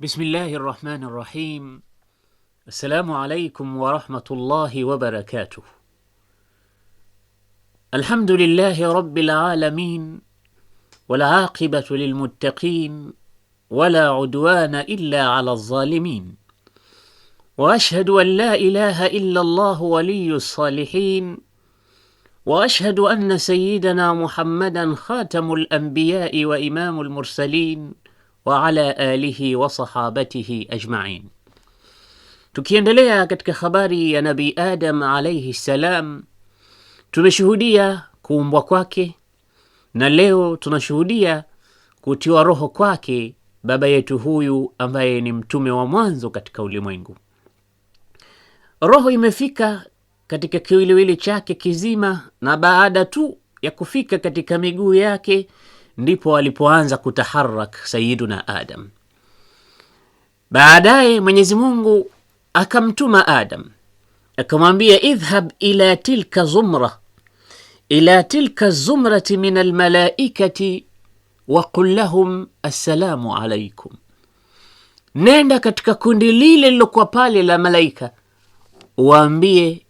بسم الله الرحمن الرحيم السلام عليكم ورحمه الله وبركاته الحمد لله رب العالمين والعاقبه للمتقين ولا عدوان الا على الظالمين واشهد ان لا اله الا الله ولي الصالحين واشهد ان سيدنا محمدا خاتم الانبياء وامام المرسلين waala alihi wa sahabatihi ajmain. Tukiendelea katika habari ya nabi Adam alayhi salam tumeshuhudia kuumbwa kwake na leo tunashuhudia kutiwa roho kwake baba yetu huyu ambaye ni mtume wa mwanzo katika ulimwengu. Roho imefika katika kiwiliwili chake kizima, na baada tu ya kufika katika miguu yake ndipo alipoanza kutaharak Sayiduna Adam. Baadaye Mwenyezi Mungu akamtuma Adam akamwambia, idhhab ila tilka zumra ila tilka zumrati min almalaikati wa qul lahum assalamu alaikum, nenda katika kundi lile lilokuwa pale la malaika, waambie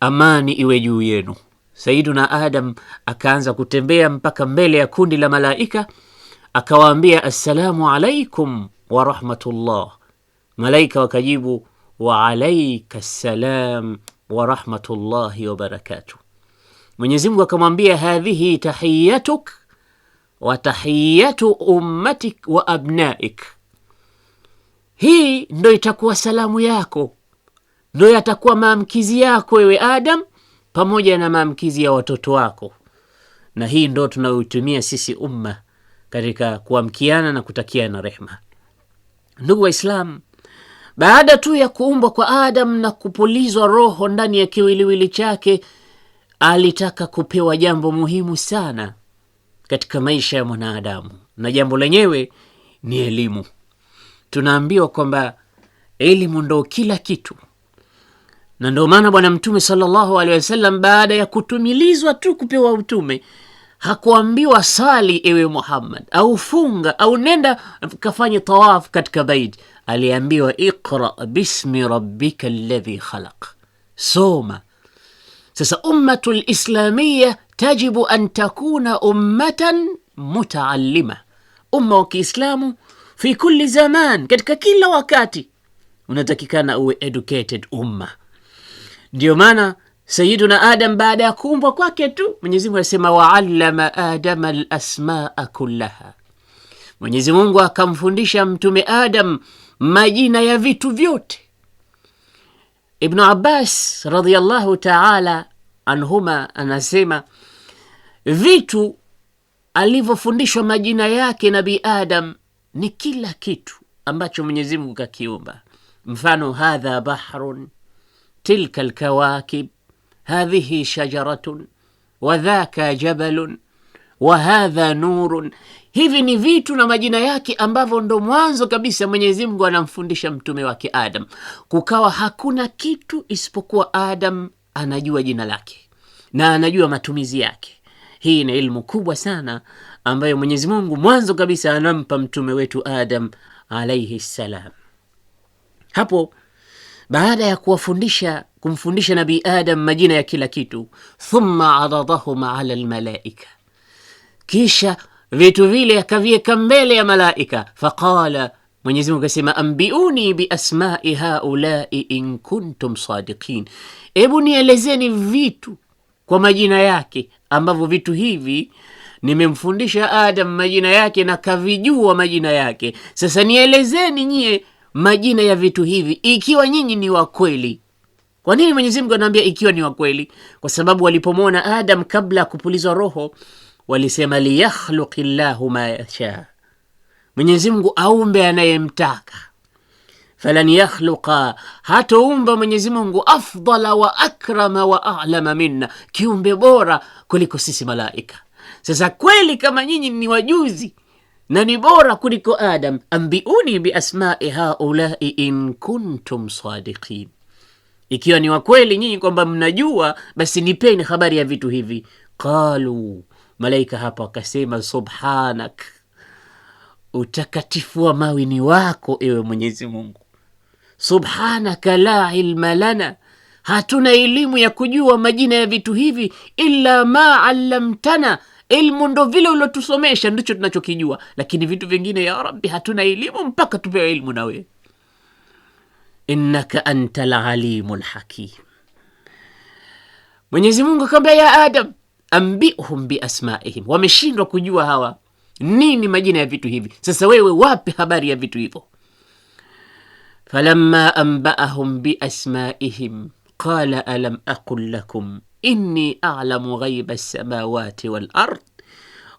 amani iwe juu yenu. Saiduna Adam akaanza kutembea mpaka mbele ya kundi la malaika, akawaambia assalamu alaikum wa rahmatullah. Malaika wakajibu wa alaika salam wa rahmatullahi wa barakatuh. Mwenyezi Mungu akamwambia hadhihi tahiyatuk wa tahiyatu ummatik wa abnaik, hii ndo itakuwa salamu yako, ndo yatakuwa maamkizi yako wewe Adam pamoja na maamkizi ya watoto wako. Na hii ndo tunayoitumia sisi umma katika kuamkiana na kutakiana rehma. Ndugu waislam baada tu ya kuumbwa kwa Adam na kupulizwa roho ndani ya kiwiliwili chake, alitaka kupewa jambo muhimu sana katika maisha ya mwanadamu, na jambo lenyewe ni elimu. Tunaambiwa kwamba elimu ndo kila kitu na ndio maana Bwana Mtume salallahu alehi wasallam baada ya kutumilizwa tu kupewa utume hakuambiwa sali ewe Muhammad au funga au nenda kafanye tawaf katika baiti. Aliambiwa iqra bismi rabbika ladhi khalaq, soma. Sasa ummatu lislamiya tajibu an takuna ummatan mutaallima, umma wa Kiislamu fi kulli zaman, katika kila wakati unatakikana uwe educated umma Ndiyo maana Sayiduna Adam baada ya kuumbwa kwake tu Mwenyezi Mungu alisema waallama adama lasmaa kullaha, Mwenyezi Mungu akamfundisha Mtume Adam majina ya vitu vyote. Ibnu Abbas radiallahu taala anhuma anasema vitu alivyofundishwa majina yake Nabi Adam ni kila kitu ambacho Mwenyezi Mungu kakiumba, mfano hadha bahrun تلك الكواكب هذه شجره وذاك جبل wahadha nurun. Hivi ni vitu na majina yake ambavyo ndo mwanzo kabisa Mwenyezi Mungu anamfundisha mtume wake Adam. Kukawa hakuna kitu isipokuwa Adam anajua jina lake na anajua matumizi yake. Hii ni ilmu kubwa sana ambayo Mwenyezi Mungu mwanzo kabisa anampa mtume wetu Adam alaihi salam. Hapo baada ya kuwafundisha kumfundisha Nabii Adam majina ya kila kitu, thumma aradahum ala lmalaika, kisha vitu vile akaviweka mbele ya malaika. Faqala, mwenyezimungu akasema, ambiuni biasmai haulai in kuntum sadiqin, hebu nielezeni vitu kwa majina yake ambavyo vitu hivi nimemfundisha Adam majina yake na kavijua majina yake. Sasa nielezeni nyie majina ya vitu hivi, ikiwa nyinyi ni wakweli. Kwa nini Mwenyezi Mungu anaambia ikiwa ni wakweli? Kwa sababu walipomwona Adam kabla ya kupulizwa roho walisema liyakhluki llahu ma yasha, mwenyezimngu aumbe anayemtaka. Falan yakhluqa, hatoumba mwenyezimungu afdala wa akrama wa alama minna, kiumbe bora kuliko sisi malaika. Sasa kweli kama nyinyi ni wajuzi na ni bora kuliko Adam. Ambiuni biasmai haulai in kuntum sadiqin, ikiwa ni wakweli nyinyi kwamba mnajua, basi nipeni habari ya vitu hivi. Qalu, malaika hapa wakasema subhanak, utakatifu wa mawi ni wako ewe Mwenyezi Mungu. Subhanaka la ilma lana hatuna elimu ya kujua majina ya vitu hivi, illa ma allamtana Ilmu ndo vile uliotusomesha ndicho tunachokijua, lakini vitu vingine ya rabi hatuna elimu mpaka tupewe ilmu na wewe. Innaka anta lalimu lhakim. Mwenyezi Mungu akawambia ya Adam, ambihum biasmaihim. Wameshindwa kujua hawa nini majina ya vitu hivi. Sasa wewe wape habari ya vitu hivyo. falamma ambaahum biasmaihim qala alam aqul lakum inni alamu ghaiba lsamawati walard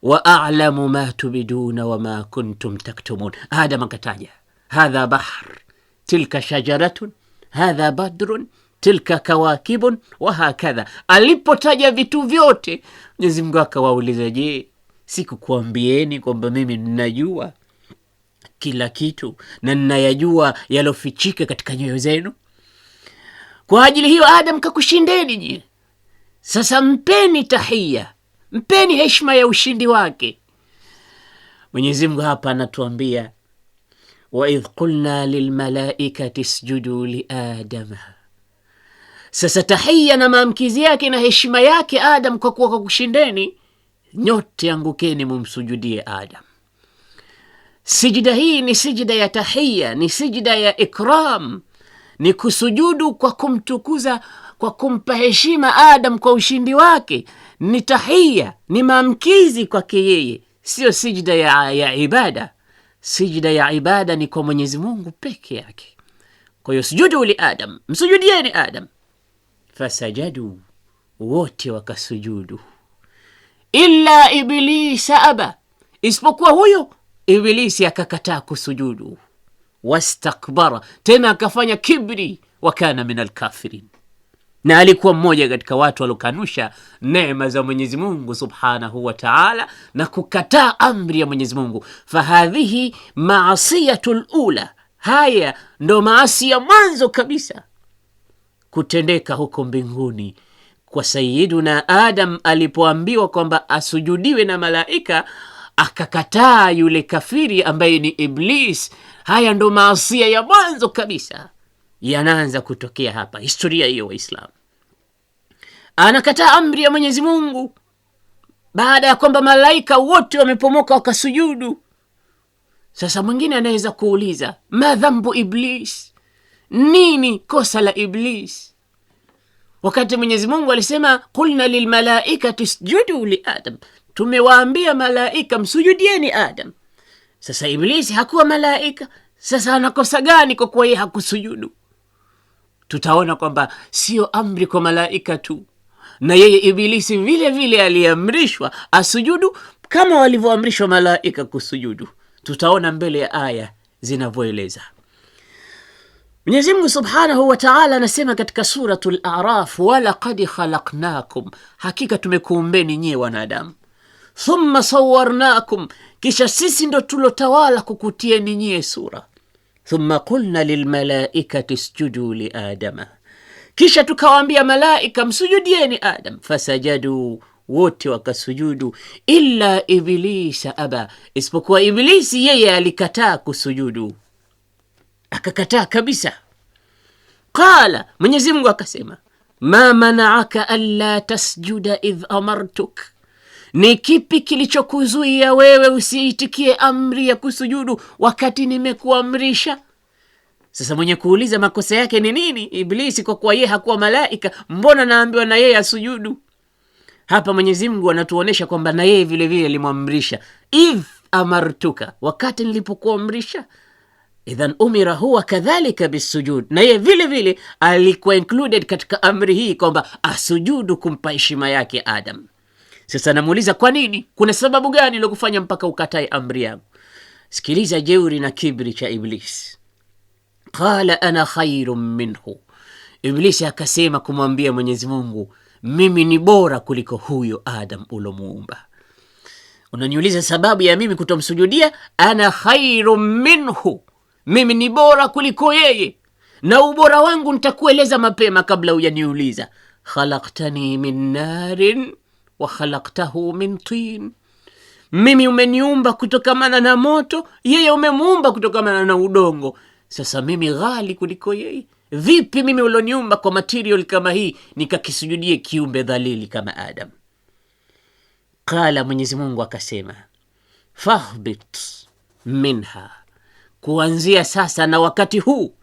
waalamu ma tubiduna wama kuntum taktumun. Adam akataja hadha bahr, tilka shajaratun, hadha badrun, tilka kawakibun wahakadha. Alipotaja vitu vyote, Mwenyezi Mungu akawauliza, je, sikukuambieni kwamba mimi ninajua kila kitu na ninayajua yalofichika katika nyoyo zenu? Kwa ajili hiyo Adam kakushindeni nyie sasa mpeni tahia, mpeni heshima ya ushindi wake. Mwenyezi Mungu hapa anatuambia waidh qulna lilmalaikati isjudu liadama. Sasa tahiya na maamkizi yake na heshima yake Adam, kwa kuwa kwa kushindeni nyote, angukeni mumsujudie Adam. Sijida hii ni sijida ya tahiya, ni sijida ya ikram, ni kusujudu kwa kumtukuza kwa kumpa heshima Adam kwa ushindi wake ni tahia, ni maamkizi kwake yeye, siyo sijda ya, ya ibada. Sijda ya ibada ni kwa Mwenyezi Mungu peke yake. Kwa hiyo sujudu li Adam, msujudieni Adam. Fasajadu, wote wakasujudu, illa iblisa aba, isipokuwa huyo Ibilisi akakataa kusujudu. Wastakbara, tena akafanya kibri, wakana min alkafirin na alikuwa mmoja katika watu waliokanusha neema za Mwenyezi Mungu Subhanahu wa Ta'ala na kukataa amri ya Mwenyezi Mungu. Fahadhihi maasiyatul ula, haya ndo maasi ya mwanzo kabisa kutendeka huko mbinguni kwa sayiduna Adam alipoambiwa kwamba asujudiwe na malaika akakataa yule kafiri ambaye ni Iblis. Haya ndo maasia ya mwanzo kabisa yanaanza kutokea hapa, historia hiyo Waislamu. Anakataa amri ya Mwenyezi Mungu baada ya kwamba malaika wote wamepomoka wakasujudu. Sasa mwingine anaweza kuuliza madhambu Iblis, nini kosa la Iblis? Wakati Mwenyezi Mungu alisema kulna lilmalaikati isjudu li Adam, tumewaambia malaika msujudieni Adam. Sasa Iblisi hakuwa malaika, sasa anakosa gani kwa kuwa yeye hakusujudu? tutaona kwamba sio amri kwa malaika tu, na yeye Ibilisi vile vile aliamrishwa asujudu kama walivyoamrishwa malaika kusujudu. Tutaona mbele ya aya zinavyoeleza. Mwenyezi subhanahu wa taala anasema katika suratu laraf walaqad khalaknakum hakika tumekuumbeni nyie wanadamu, thumma sawarnakum, kisha sisi ndo tulotawala kukutieni nyie sura thumma qulna lilmalaikati isjudu liadama, kisha tukawaambia malaika msujudieni Adam. Fasajaduu, wote wakasujudu, illa iblisa aba, isipokuwa Iblisi yeye alikataa kusujudu, akakataa kabisa. Qala, Mwenyezi Mungu akasema, ma manaaka alla tasjuda idh amartuk ni kipi kilichokuzuia wewe usiitikie amri ya kusujudu wakati nimekuamrisha? Sasa mwenye kuuliza makosa yake ni nini? Iblisi, kwa kuwa yeye hakuwa malaika, mbona naambiwa na yeye asujudu? Hapa Mwenyezi Mungu anatuonyesha kwamba na yeye vilevile alimwamrisha, idh amartuka, wakati nilipokuamrisha. Idhan umira huwa kadhalika bisujud, na yeye vile vile alikuwa included katika amri hii kwamba asujudu kumpa heshima yake Adam. Sasa namuuliza kwa nini? Kuna sababu gani lokufanya mpaka ukatae amri yangu? Sikiliza jeuri na kibri cha Iblis. Qala ana khairun minhu, Iblisi akasema kumwambia Mwenyezi Mungu, mimi ni bora kuliko huyo Adam ulomuumba. Unaniuliza sababu ya mimi kutomsujudia? Ana khairun minhu, mimi ni bora kuliko yeye, na ubora wangu nitakueleza mapema kabla hujaniuliza. Khalaqtani min narin wa khalaktahu min tin, mimi umeniumba kutokamana na moto, yeye umemuumba kutokamana na udongo. Sasa mimi ghali kuliko yeye. Vipi mimi uloniumba kwa material kama hii nikakisujudie kiumbe dhalili kama Adam? Qala, Mwenyezi Mungu akasema, fahbit minha, kuanzia sasa na wakati huu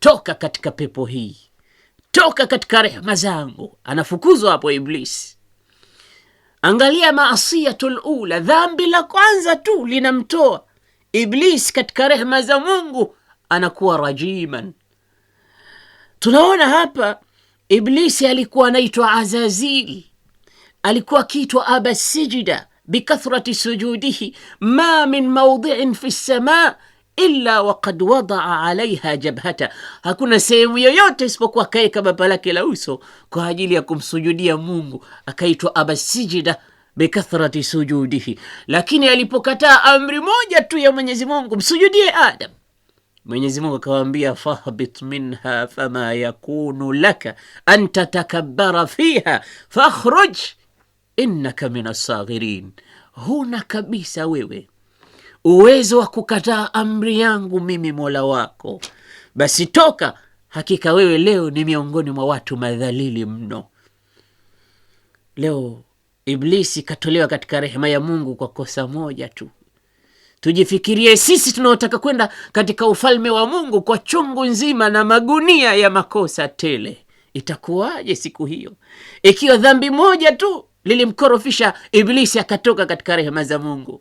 toka katika pepo hii, toka katika rehema zangu. Anafukuzwa hapo Iblisi. Angalia maasiyatul ula, dhambi la kwanza tu linamtoa Iblis katika rehma za Mungu, anakuwa rajiman. Tunaona hapa Iblisi alikuwa anaitwa Azazil, alikuwa akiitwa abasijida bikathrati sujudihi ma min maudhiin fi lsama illa wakad wadaa alaiha jabhata, hakuna sehemu yoyote isipokuwa akaweka baba lake la uso kwa ajili ya kumsujudia Mungu, akaitwa abasijida bikathrati sujudihi. Lakini alipokataa amri moja tu ya Mwenyezi Mungu, msujudie Adam, Mwenyezi Mungu akawaambia fahbit minha fama yakunu laka an tatakabara fiha fakhruj innaka min assaghirin, huna kabisa wewe uwezo wa kukataa amri yangu mimi Mola wako, basi toka, hakika wewe leo ni miongoni mwa watu madhalili mno. Leo Iblisi katolewa katika rehema ya Mungu kwa kosa moja tu. Tujifikirie sisi tunaotaka kwenda katika ufalme wa Mungu kwa chungu nzima na magunia ya makosa tele. Itakuwaje siku hiyo ikiwa dhambi moja tu lilimkorofisha Iblisi akatoka katika rehema za Mungu?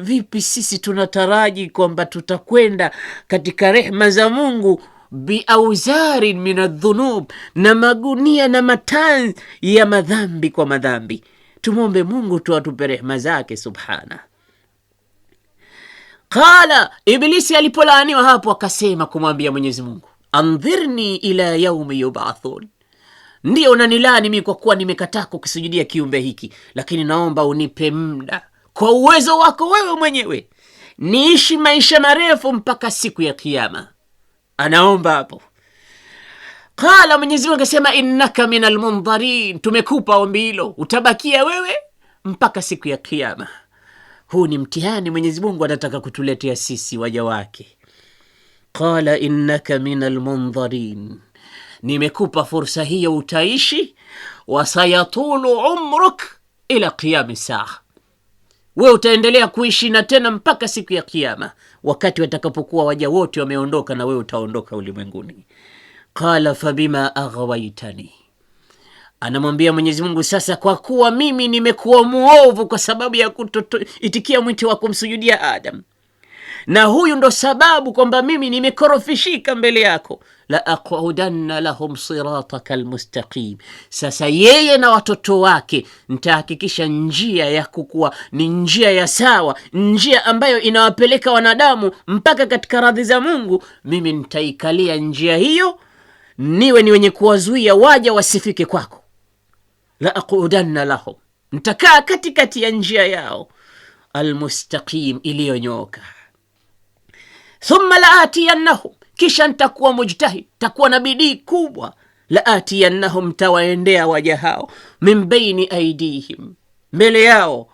vipi sisi tunataraji kwamba tutakwenda katika rehma za Mungu biauzarin min adhunub, na magunia na matanzi ya madhambi kwa madhambi. Tumwombe Mungu tu atupe rehma zake subhana. Qala, Iblisi alipolaaniwa hapo akasema kumwambia Mwenyezi Mungu, andhirni ila yaumi yubathun Ndiyo unanilani mi kwa kuwa nimekataa kukisujudia kiumbe hiki, lakini naomba unipe muda kwa uwezo wako wewe mwenyewe, niishi maisha marefu mpaka siku ya kiama Anaomba hapo. Qala, Mwenyezi Mungu akasema, innaka min almundharin, tumekupa ombi hilo, utabakia wewe mpaka siku ya kiama Huu ni mtihani Mwenyezi Mungu anataka kutuletea sisi waja wake. Qala innaka min almundharin, nimekupa fursa hiyo, utaishi. Wasayatulu umruk ila qiami saa wewe utaendelea kuishi na tena mpaka siku ya Kiyama, wakati watakapokuwa waja wote wameondoka na wewe utaondoka ulimwenguni. Qala fabima aghwaitani anamwambia Mwenyezi Mungu, sasa kwa kuwa mimi nimekuwa muovu kwa sababu ya kutoitikia mwito wa kumsujudia Adam, na huyu ndo sababu kwamba mimi nimekorofishika mbele yako, la aqudanna lahum sirataka almustaqim. Sasa yeye na watoto wake nitahakikisha njia ya kukua ni njia ya sawa, njia ambayo inawapeleka wanadamu mpaka katika radhi za Mungu. Mimi nitaikalia njia hiyo, niwe ni wenye kuwazuia waja wasifike kwako. La aqudanna lahum, nitakaa katikati ya njia yao almustaqim iliyonyooka thumma laatiyannahum, kisha ntakuwa mujtahid, takuwa na bidii kubwa. Laatiyannahum, tawaendea waja hao, min baini aidihim, mbele yao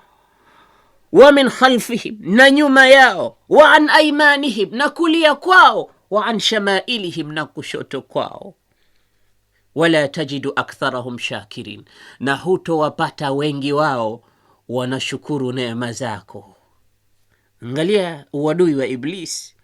wa min khalfihim, na nyuma yao, wa an aimanihim, na kulia kwao, wa an shamailihim, na kushoto kwao. Wala tajidu aktharahum shakirin, na hutowapata wengi wao wanashukuru neema zako. Angalia uadui wa Iblisi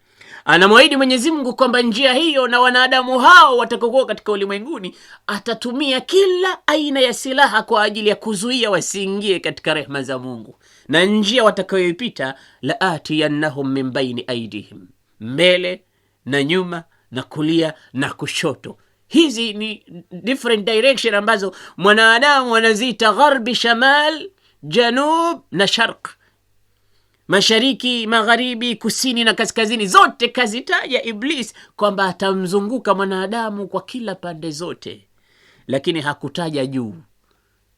Anamwahidi Mwenyezi Mungu kwamba njia hiyo na wanadamu hao watakokuwa katika ulimwenguni atatumia kila aina ya silaha kwa ajili ya kuzuia wasiingie katika rehma za Mungu, na njia watakayoipita la atiyannahum min baini aidihim, mbele na nyuma na kulia na kushoto. Hizi ni different direction ambazo mwanadamu wanaziita gharbi, shamal, janub na sharq mashariki, magharibi, kusini na kaskazini, zote kazitaja Iblis kwamba atamzunguka mwanadamu kwa kila pande zote, lakini hakutaja juu,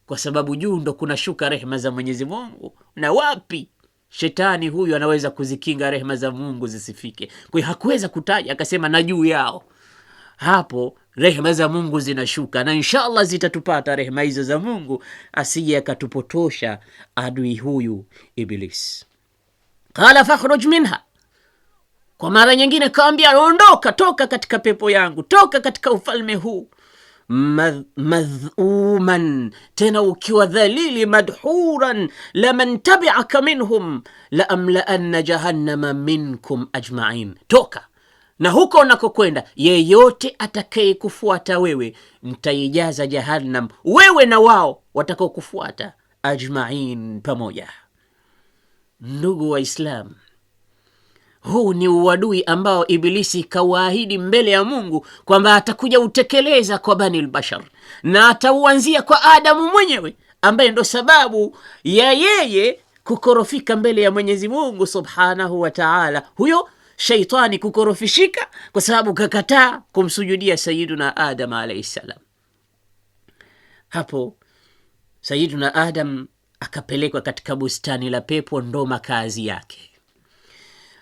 kwa sababu juu ndo kunashuka rehma za Mwenyezi Mungu, na wapi shetani huyu anaweza kuzikinga rehma za Mungu zisifike? Kwa hakuweza kutaja, akasema na juu yao. Hapo rehma za Mungu zinashuka, na insha allah zitatupata rehma hizo za Mungu, asije akatupotosha adui huyu iblisi qala fakhruj minha, kwa mara nyingine kawambia, ondoka, toka katika pepo yangu, toka katika ufalme huu madhuman tena ukiwa dhalili, madhuran laman tabiaka minhum la amlaanna jahannama minkum ajmain. Toka na huko unakokwenda, yeyote atakayekufuata wewe ntaijaza jahannam, wewe na wao watakaokufuata ajmain, pamoja. Ndugu Waislamu, huu ni uadui ambao iblisi kawaahidi mbele ya Mungu kwamba atakuja utekeleza kwa Banil Bashar na atauanzia kwa Adamu mwenyewe ambaye ndo sababu ya yeye kukorofika mbele ya Mwenyezi Mungu subhanahu wa taala, huyo shaitani kukorofishika kwa sababu kakataa kumsujudia Sayiduna Adam alaihi ssalam. Hapo Sayiduna Adam akapelekwa katika bustani la pepo, ndo makazi yake.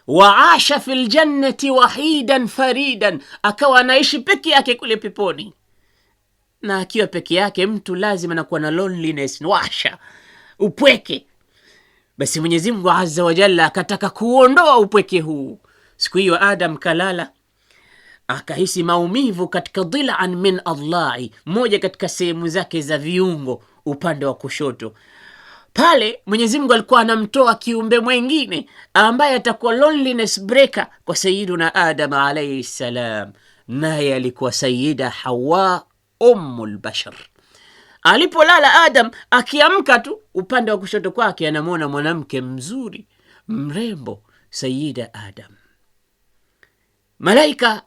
Waasha fi ljannati wahidan faridan, akawa anaishi peke yake kule peponi. Na akiwa peke yake mtu lazima anakuwa na loneliness, washa, upweke. Basi Mwenyezi Mungu azza wa jalla akataka kuondoa upweke huu. Siku hiyo Adam kalala akahisi maumivu katika dhilan min allahi moja katika sehemu zake za viungo, upande wa kushoto. Pale Mwenyezi Mungu alikuwa anamtoa kiumbe mwengine ambaye atakuwa loneliness breaker kwa sayiduna Adam alaihi salam, naye alikuwa sayida Hawa ummul Alipolala Adam, akiamka tu upande wa kushoto kwake anamwona mwanamke mzuri mrembo, sayida Adam. Malaika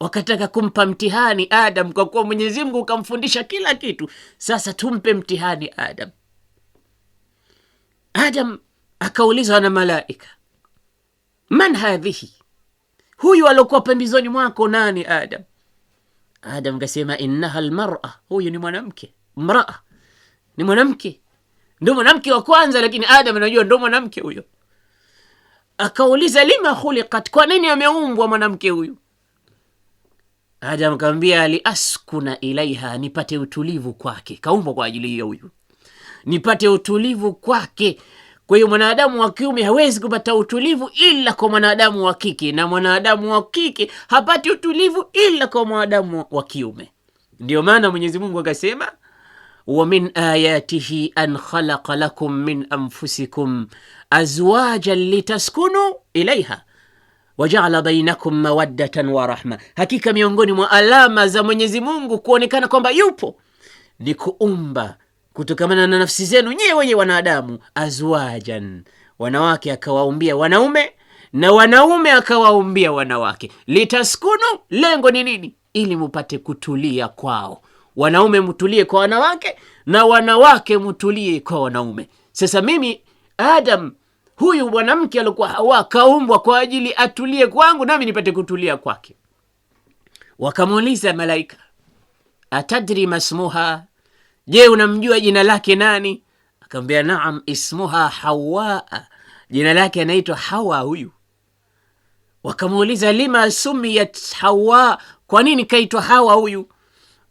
wakataka kumpa mtihani Adam, kwa kuwa Mwenyezi Mungu ukamfundisha kila kitu, sasa tumpe mtihani Adam. Adam akaulizwa na malaika, man hadhihi, huyu aliokuwa pembezoni mwako nani? Adam Adam kasema innaha lmara, huyu ni mwanamke. Mraa ni mwanamke, ndo mwanamke wa kwanza, lakini Adam anajua ndo mwanamke huyo. Akauliza lima khuliqat, kwa nini ameumbwa mwanamke huyu? Adam akamwambia liaskuna ilaiha, nipate utulivu kwake. Kaumbwa kwa ajili hiyo huyu nipate utulivu kwake. Kwa hiyo mwanadamu wa kiume hawezi kupata utulivu ila kwa mwanadamu wa kike, na mwanadamu wa kike hapati utulivu ila kwa mwanadamu wa kiume. ndio maana Mwenyezi Mungu akasema wa min ayatihi an khalaqa lakum min anfusikum azwajan litaskunu ilaiha wajala bainakum mawaddatan wa rahma, hakika miongoni mwa alama za Mwenyezi Mungu kuonekana kwamba yupo ni kuumba kutokamana na nafsi zenu nyie wenye wanadamu, azwajan, wanawake akawaumbia wanaume na wanaume akawaumbia wanawake. Litaskunu, lengo ni nini? Ili mupate kutulia kwao. Wanaume mtulie kwa wanawake na wanawake mtulie kwa wanaume. Sasa mimi Adam huyu mwanamke alikuwa Hawa kaumbwa kwa ajili atulie kwangu, nami nipate kutulia kwake. Wakamuuliza malaika, atadri masmuha Je, unamjua jina lake nani? Akamwambia naam, ismuha Hawa, jina lake anaitwa Hawa huyu. Wakamuuliza lima sumiyat Hawa, kwa nini kaitwa Hawa huyu?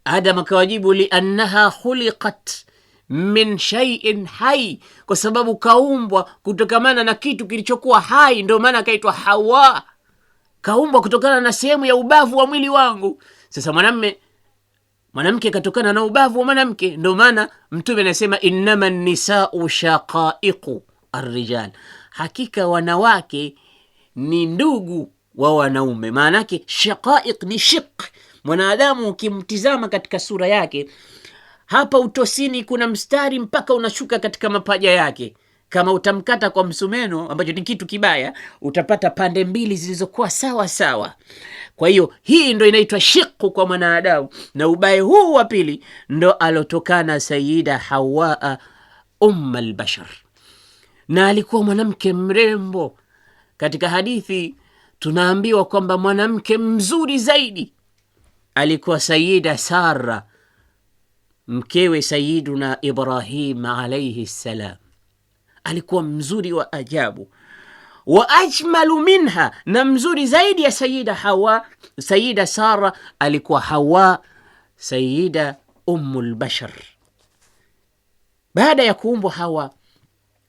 Adam akawajibu liannaha khuliqat min shaiin hai, kwa sababu kaumbwa kutokamana na kitu kilichokuwa hai, ndio maana akaitwa Hawa, kaumbwa kutokana na sehemu ya ubavu wa mwili wangu. Sasa mwanamme mwanamke katokana na ubavu wa mwanamke. Ndio maana Mtume anasema innama nisau shaqaiqu arrijal, hakika wanawake ni ndugu wa wanaume. Maana yake shaqaiq ni shiq. Mwanadamu ukimtizama katika sura yake, hapa utosini kuna mstari mpaka unashuka katika mapaja yake. Kama utamkata kwa msumeno, ambacho ni kitu kibaya, utapata pande mbili zilizokuwa sawa sawa. Kwa hiyo hii ndo inaitwa shiku kwa mwanadamu, na ubaye huu wa pili ndo alotokana Sayida Hawaa umma albashar, na alikuwa mwanamke mrembo. Katika hadithi tunaambiwa kwamba mwanamke mzuri zaidi alikuwa Sayida Sara, mkewe Sayiduna Ibrahim alaihi ssalam alikuwa mzuri wa ajabu wa ajmalu minha, na mzuri zaidi ya sayida Hawa. Sayida Sara alikuwa Hawa, sayida ummu lbashar. Baada ya kuumbwa Hawa,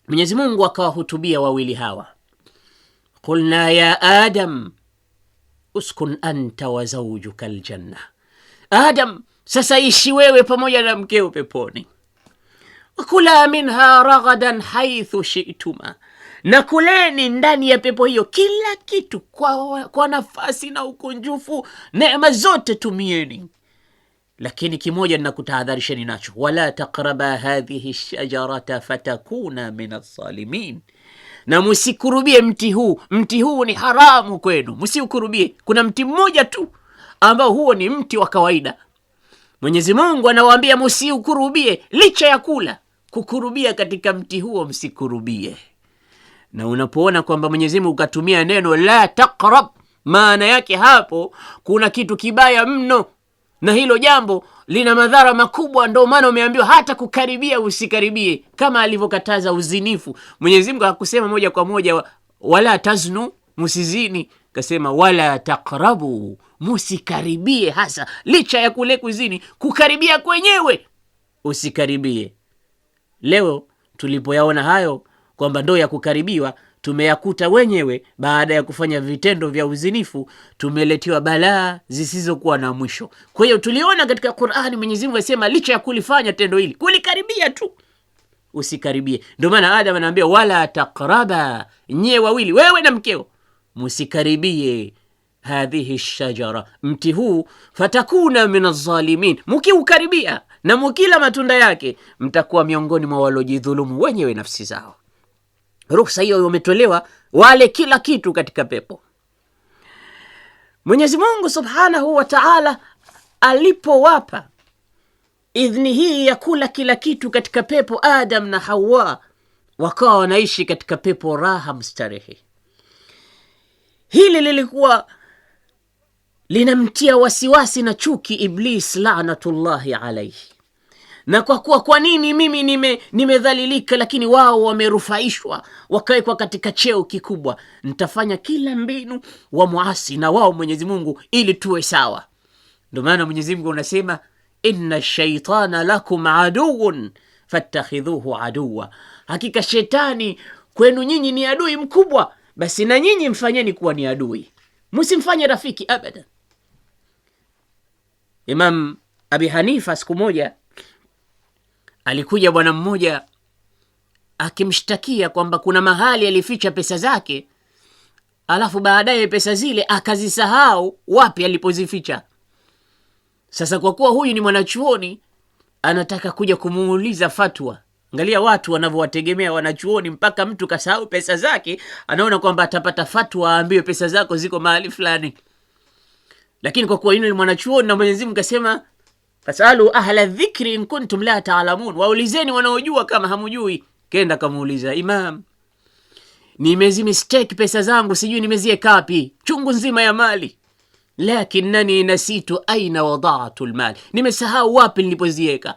Mwenyezi Mungu akawahutubia wawili hawa, qulna ya adam uskun anta wa zaujuka ljanna. Adam, sasa ishi wewe pamoja na mkeo peponi kula minha raghadan haithu shituma, na kuleni ndani ya pepo hiyo kila kitu kwa, kwa nafasi na ukunjufu, neema zote tumieni. Lakini kimoja ninakutahadharisheni nacho, wala taqraba hadhihi shajarata fatakuna min alzalimin, na musikurubie mti huu. Mti huu ni haramu kwenu, musiukurubie Kuna mti mmoja tu ambao huo ni mti wa kawaida Mwenyezi Mungu anawaambia musiukurubie, licha ya kula kukurubia katika mti huo msikurubie. Na unapoona kwamba Mwenyezi Mungu katumia neno la taqrab, maana yake hapo kuna kitu kibaya mno, na hilo jambo lina madhara makubwa. ndo maana umeambiwa hata kukaribia usikaribie, kama alivyokataza uzinifu. Mwenyezi Mungu hakusema moja kwa moja wala taznu, musizini Kasema wala taqrabu, musikaribie. Hasa licha ya kule kuzini, kukaribia kwenyewe usikaribie. Leo tulipoyaona hayo kwamba ndo ya kukaribiwa, tumeyakuta wenyewe baada ya kufanya vitendo vya uzinifu, tumeletiwa balaa zisizokuwa na mwisho. Kwa hiyo tuliona katika Qur'ani mwenyezimungu asema licha ya kulifanya tendo hili, kulikaribia tu usikaribie. Ndio maana Adam anaambia wala takraba, nyie wawili, wewe na mkeo, msikaribie hadhihi shajara, mti huu, fatakuna min alzalimin mukiukaribia na mukila matunda yake mtakuwa miongoni mwa walojidhulumu wenyewe nafsi zao. Ruhusa hiyo wametolewa wale kila kitu katika pepo. Mwenyezi Mungu subhanahu wa taala alipowapa idhini hii ya kula kila kitu katika pepo, Adam na Hawa wakawa wanaishi katika pepo raha mstarehe. Hili lilikuwa linamtia wasiwasi na chuki Iblis lanatullahi alaihi. Na kwa kuwa kwa nini mimi nime nimedhalilika, lakini wao wamerufaishwa wakawekwa katika cheo kikubwa, ntafanya kila mbinu wa muasi na wao Mwenyezi Mungu ili tuwe sawa. Ndio maana Mwenyezi Mungu unasema inna shaitana lakum aduun fattakhidhuhu aduwa, hakika shetani kwenu nyinyi ni adui mkubwa, basi na nyinyi mfanyeni kuwa ni adui, msimfanye rafiki abadan. Imam Abi Hanifa siku moja alikuja bwana mmoja akimshtakia kwamba kuna mahali alificha pesa zake, alafu baadaye pesa zile akazisahau wapi alipozificha. Sasa kwa kuwa huyu ni mwanachuoni, anataka kuja kumuuliza fatwa. Angalia watu wanavyowategemea wanachuoni, mpaka mtu kasahau pesa zake, anaona kwamba atapata fatwa, aambiwe pesa zako ziko mahali fulani lakini kwa kuwa yule ni mwanachuoni na Mwenyezi Mungu kasema fasalu ahla dhikri in kuntum la taalamun, waulizeni wanaojua kama hamujui. Kenda kamuuliza imam, nimezi mistake pesa zangu, sijui nimezieka wapi, chungu nzima ya mali, lakinnani nasitu aina wadaatu almal, nimesahau wapi nilipozieka.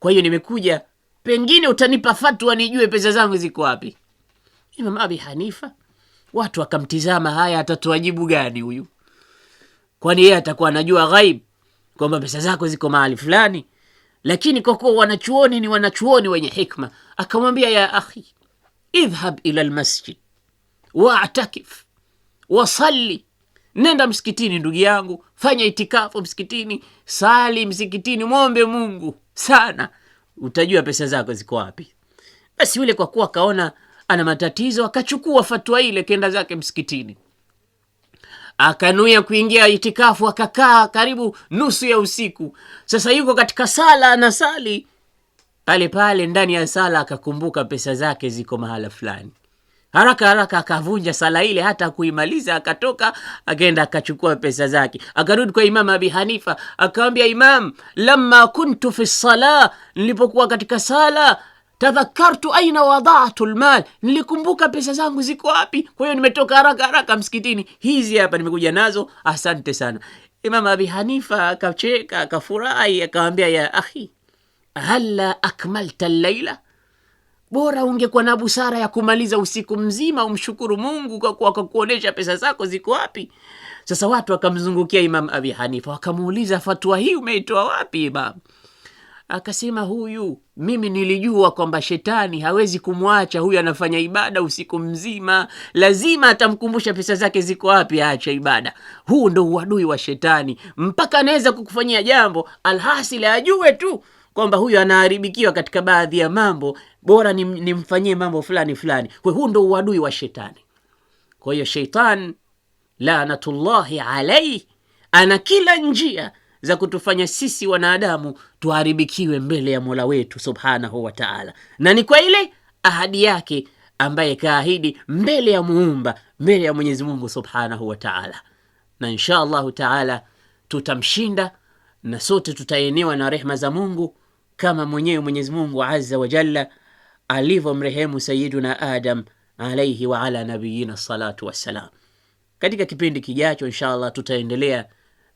Kwa hiyo nimekuja, pengine utanipa fatwa nijue pesa zangu ziko wapi. Imam Abi Hanifa, watu wakamtizama, haya atatuajibu gani huyu? kwani yeye atakuwa anajua ghaib kwamba pesa zako ziko mahali fulani? Lakini kwa kuwa wanachuoni ni wanachuoni wenye hikma, akamwambia ya akhi, idhhab ila lmasjid waatakif wasalli, nenda msikitini ndugu yangu, fanya itikafu msikitini, sali msikitini, mwombe Mungu sana, utajua pesa zako ziko wapi. Basi yule kwa kuwa akaona ana matatizo, akachukua fatua ile, kenda zake msikitini akanuia kuingia itikafu, akakaa karibu nusu ya usiku. Sasa yuko katika sala, anasali pale pale, ndani ya sala akakumbuka pesa zake ziko mahala fulani. Haraka haraka akavunja sala ile, hata kuimaliza, akatoka akaenda akachukua pesa zake, akarudi kwa Imamu Abi Hanifa akawambia Imam, lama kuntu fi sala, nilipokuwa katika sala tadhakartu aina wadatu lmal, nilikumbuka pesa zangu ziko wapi. Kwa hiyo nimetoka haraka haraka msikitini, hizi hapa nimekuja nazo, asante sana. Imam Abi Hanifa akacheka akafurahi, akawambia ya ahi hala akmalta llaila Bora ungekuwa na busara ya kumaliza usiku mzima umshukuru Mungu kwa pesa zako ziko wapi. Sasa watu wakamzungukia Imam Abi Hanifa wakamuuliza, fatua hii umeitoa wapi Imam? Akasema huyu, mimi nilijua kwamba shetani hawezi kumwacha huyu, anafanya ibada usiku mzima, lazima atamkumbusha pesa zake ziko wapi, aacha ibada. Huu ndo uadui wa shetani, mpaka anaweza kukufanyia jambo alhasili ajue tu kwamba huyu anaharibikiwa katika baadhi ya mambo, bora nimfanyie mambo fulani fulani. Kwa huu ndo uadui wa shetani. Kwa hiyo, sheitan laanatullahi alaihi ana kila njia za kutufanya sisi wanadamu tuharibikiwe mbele ya mola wetu subhanahu wa taala, na ni kwa ile ahadi yake ambaye kaahidi mbele ya muumba mbele ya Mwenyezi Mungu subhanahu wa taala, na insha allahu taala tutamshinda na sote tutaenewa na rehma za Mungu kama mwenyewe Mwenyezi Mungu wajalla wa alivyomrehemu sayiduna Adam alaihi wa nabiyina salatu wassalam. Katika kipindi kijacho insha allah tutaendelea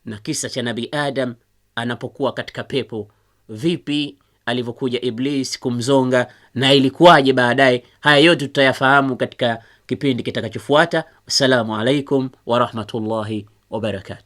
na kisa cha nabi Adam anapokuwa katika pepo, vipi alivyokuja Iblis kumzonga na ilikuwaje baadaye. Haya yote tutayafahamu katika kipindi kitakachofuata. Assalamu alaikum warahmatullahi wabarakatu.